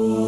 Oh.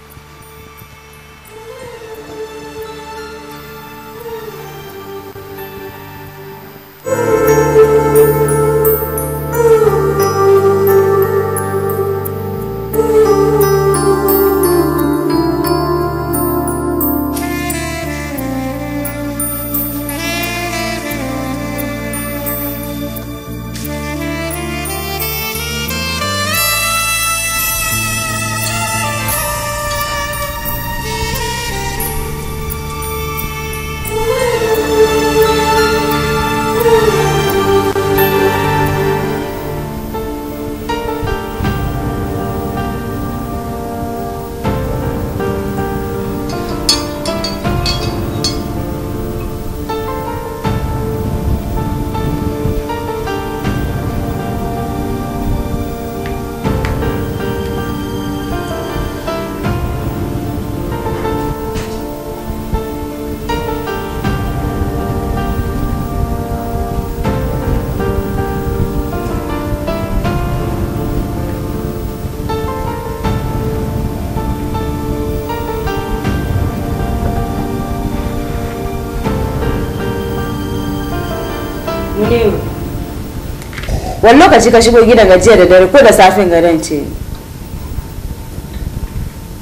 wani lokaci ka shigo gidan gajiya da dare ko da safin garin ce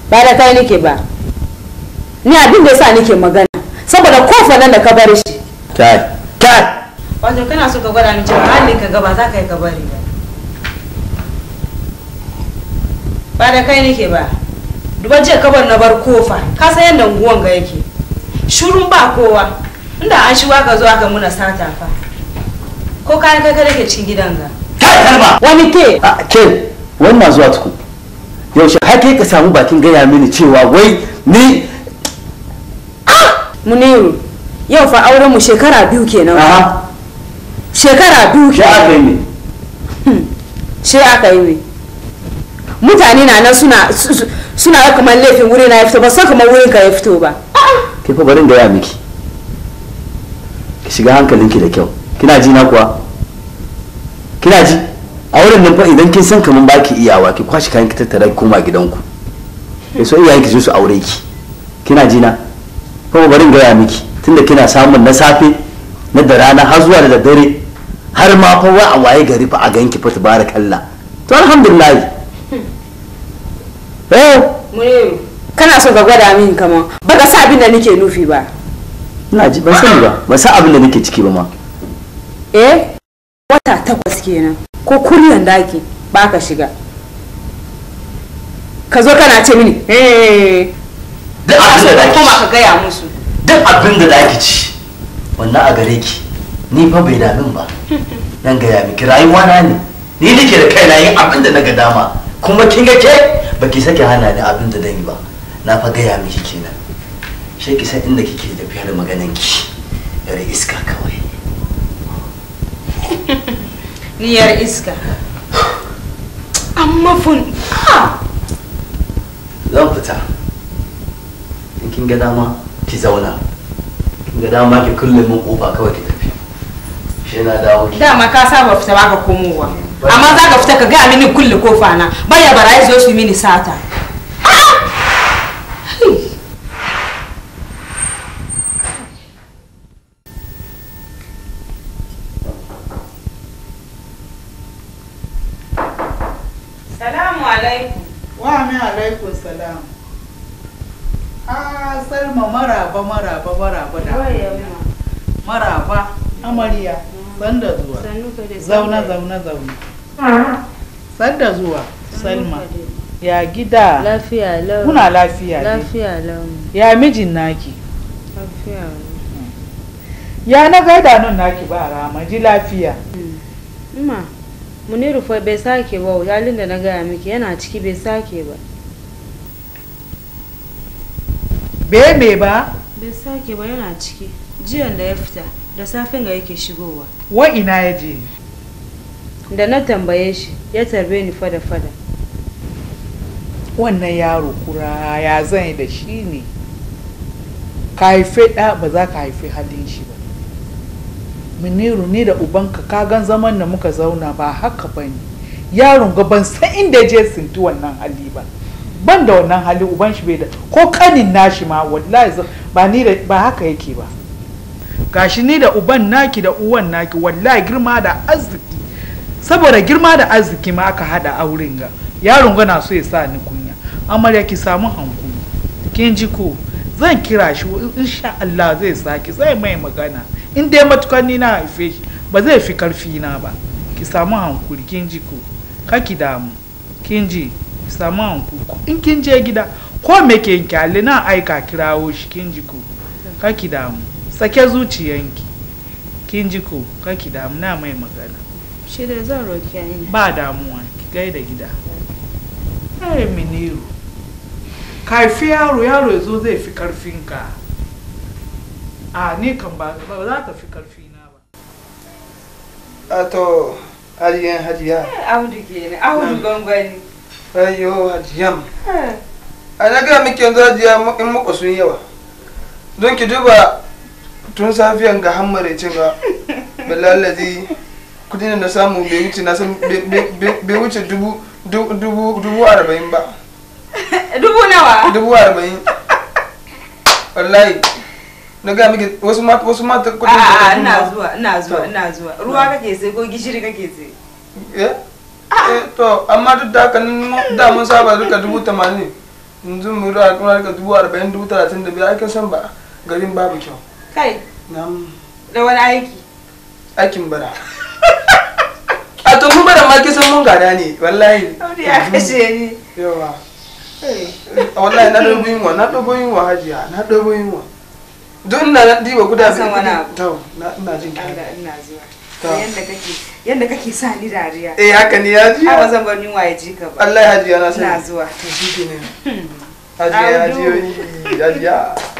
ba da kai nike ba ni abin da yasa nike magana saboda kofa nan da ka bar shi Ta ta wato kana so ka gwada ni cewa halin ka gaba za ka yi ka bari ba ba da kai nike ba duba jiya kabar na bar kofa ka san yadda unguwan ga yake shurun ba kowa inda an shiga ka zo aka muna sata fa ko kayan kai kada ke cikin gidan ga kai kalma wani ke a ke wannan zuwa tuku yaushe hake ka samu bakin gaya mini cewa wai ni ah! muniru yau fa auren mu shekara biyu kenan aha shekara biyu ke aka yi hmm, she aka yi mutane na nan suna suna kamar laifin wuri na ya fito ba san kamar wurin ka ya fito ba ke fa barin gaya miki ki shiga hankalinki da kyau kina ji na kuwa kina ji a wurin nan fa idan kin san kaman baki iyawa ki kwashi kayan ki tattara ki koma gidanku ya eh, so iyayen ki je su aure ki kina ji na kuma bari in gaya miki tunda kina samun na safe na da rana har zuwa da daddare har ma fa wa a waye gari fa a ganki fa tabarakallah to alhamdulillah eh, eh? kana so ga gwada min kaman ka sa abin da nake nufi ba ina ji ban sani ba ba sa abin da nake ciki ba ma eh wata takwas kenan ko kuryan daki baka shiga ka zo kana ce mini eh. duk abin da kuma ka duk abin daki ci wannan a gare ki ni fa bai damin ba nan gaya miki rayuwa na ne ni nake da kaina yin abin da na ga dama kuma kin ga ke baki sake hana ni abin da yi ba na fa gaya miki kenan shi ki san inda kike da fiyar maganan ki yare iska kawai Niyar iska. Amma fun. Zan fita. kin ga dama ki zauna. Kin ga dama ki kulle mun kofa kawai ki tafi. Shi na dawo ki. Dama ka saba fita ba ka komowa. Amma za ka fita ka ga mini kulle kofa na. bayya barayi zo su mini sata. Salamu alaikum. Wa mi alaikum salam. Ah, Salma maraba maraba maraba da. Maraba amarya san da zuwa. Zauna zauna zauna. San da zuwa Salma. Ya gida. Lafiya lau. Kuna lafiya ne. Lafiya lau. Ya mijin naki. Lafiya lau. Ya na gaida nan naki ba rama ji lafiya. Hmm. Ma. muniru fa bai sake ba yalin da na gaya miki yana ciki bai sake ba bai me ba bai sake ba yana ciki jiyan da ya fita da safin ga yake shigowa wa ina ya je da na tambaye shi ya tarbe ni fada fada wannan yaro kura ya zai da shi ne ka haife ɗa ba za ka haife halin shi ba miniru ni da ubanka kagan zaman da muka zauna ba haka ba ne yaron ga ban san inda je sinti wannan hali ba ban da wannan hali uban shi bai da ko kanin nashi ma wallahi ba ni da ba haka yake ba gashi ni da uban naki da uwan naki wallahi girma da arziki saboda girma da arziki ma aka hada auren ga yaron ga na so ya sa ni kunya amarya ki samu hankuli kin ji ko zan kira shi insha Allah zai saki zai mai magana in dai matukar ni na haife shi ba zai fi karfi na ba ki samu hankuri kin ji ko ka ki damu kin ji ki samu hankuri in kin je gida ko me ke kyale na aika kirawo shi kin ji ko ka ki damu sake zuciyanki kin ji ko ka ki damu na mai magana shi da zan roki ba damuwa ki da gida ai miniru ka fi yaro yaro yazo zai fi ka a ni kan ba ba za ka fi karfi na ba a to hajiyan hajiya eh, audu ke ne audu gangwani ayo hajiyan eh. a na gaya miki yanzu hajiya in muku sun yawa don ki duba tun safiyan ga hammare ce ga balalazi kudin da na samu bai wuce na san bai wuce dubu dubu arba'in ba dubu nawa dubu arba'in wallahi na ga miki wasu mata wasu mata kudin a kuma ina zuwa ina zuwa ina zuwa ruwa kake sai ko gishiri kake sai eh, eh to amma duk da kan da mun saba duka dubu tamanin yanzu mu ruwa kuma duka dubu arba'in dubu 35 ai kan san ba garin babu kyau kai da wani aiki aikin bara a to mun bara ma san mun gada ne wallahi ya kashe ni yawa eh, wallahi na yin wa na yin wa hajiya na yin wa. don na nan diba guda biyu wani na to na jin ki ina zuwa yanda kake yanda kake sa ni dariya eh haka ne ya ji ba zan bar ji ka ba Allah ya na sai zuwa to shi ne